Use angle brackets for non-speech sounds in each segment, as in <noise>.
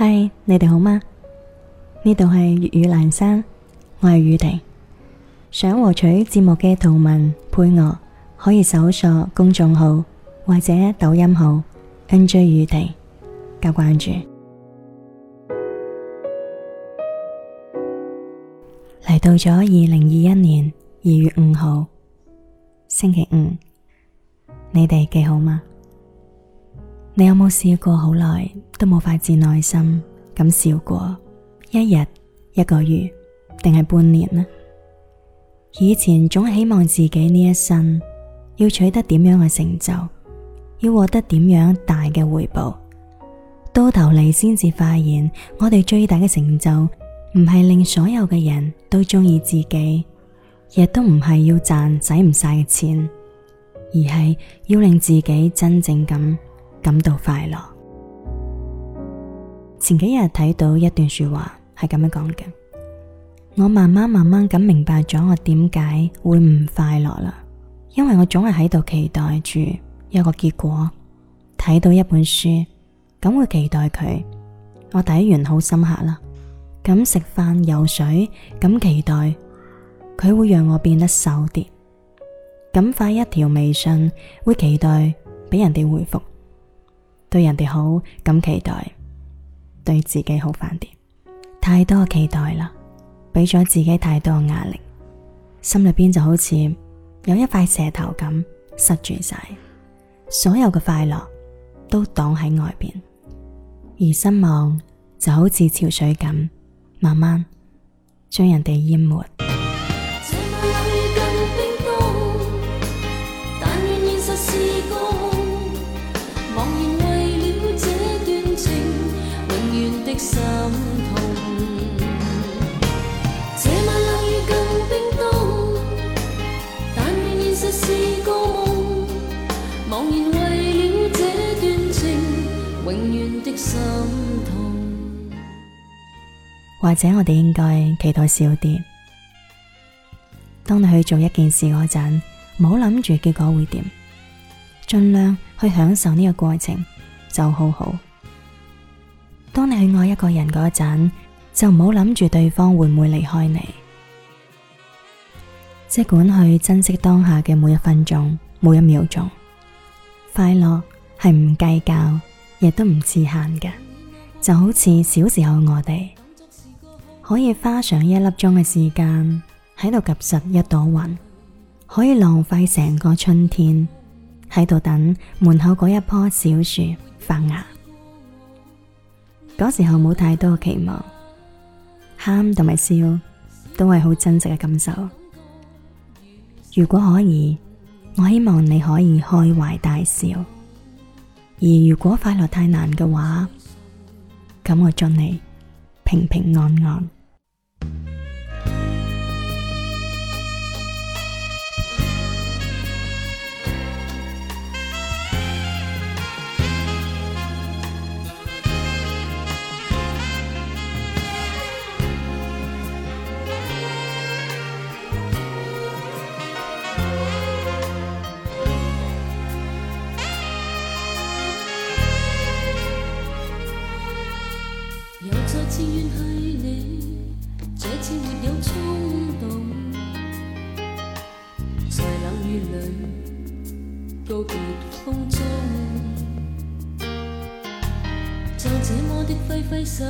嗨，Hi, 你哋好嗎？呢度係粵語蘭山，我係宇婷。想獲取節目嘅圖文配樂，可以搜索公眾號或者抖音號 NJ 宇婷加關注。嚟 <music> 到咗二零二一年二月五號星期五，你哋幾好嗎？你有冇試過好耐都冇發自內心咁笑過，一日，一個月，定係半年呢？以前總係希望自己呢一生要取得點樣嘅成就，要獲得點樣大嘅回報，到頭嚟先至發現，我哋最大嘅成就唔係令所有嘅人都中意自己，亦都唔係要賺使唔晒嘅錢，而係要令自己真正咁感到快樂。前幾日睇到一段說話，係咁樣講嘅：我慢慢慢慢咁明白咗，我點解會唔快樂啦？因為我總係喺度期待住一個結果，睇到一本書咁會期待佢。我睇完好深刻啦，咁食飯游水咁期待，佢會讓我變得瘦啲。咁發一條微信會期待俾人哋回覆，對人哋好咁期待。對自己好翻啲，太多期待啦，俾咗自己太多壓力，心裏邊就好似有一塊石頭咁塞住晒，所有嘅快樂都擋喺外邊，而失望就好似潮水咁，慢慢將人哋淹沒。心痛，這晚冷雨更冰凍，但願現實是個夢。茫然為了這段情，永遠的心痛。或者我哋應該期待少啲。當你去做一件事嗰陣，唔好諗住結果會點，盡量去享受呢個過程就好好。當你去愛一個人嗰陣，就唔好諗住對方會唔會離開你。即管去珍惜當下嘅每一分鐘、每一秒鐘。快樂係唔計較，亦都唔自限嘅。就好似小時候我哋，可以花上一粒鐘嘅時間喺度及實一朵雲，可以浪費成個春天喺度等門口嗰一棵小樹發芽。嗰時候冇太多期望，喊同埋笑都係好真實嘅感受。如果可以，我希望你可以開懷大笑；而如果快樂太難嘅話，咁我祝你平平安安。告別風中，就這麼的揮揮手，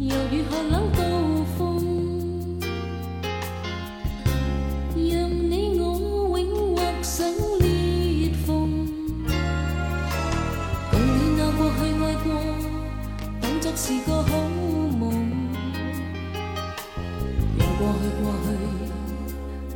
猶如寒冷道別。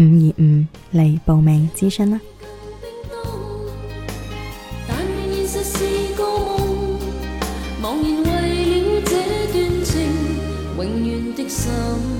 五二五嚟報名諮詢啦！ <music>